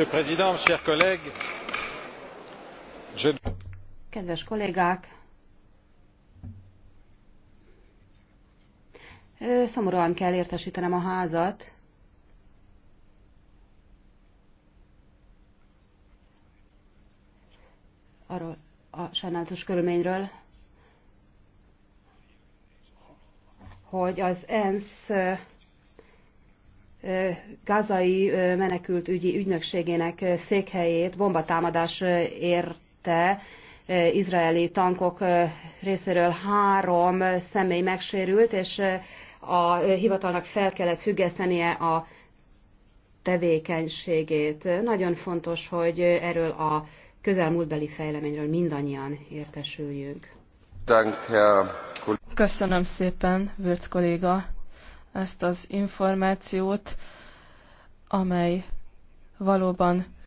monsieur le président chers collègues kedves kollégák szomorúan kell értesítenem a házat arról a sajnálatos körülményről hogy az ENSZ gázai menekültügyi ügynökségének székhelyét bombatámadás érte, izraeli tankok részéről három személy megsérült, és a hivatalnak fel kellett függesztenie a tevékenységét. Nagyon fontos, hogy erről a közelmúltbeli fejleményről mindannyian értesüljünk. Köszönöm szépen, Vörc kolléga ezt az információt, amely valóban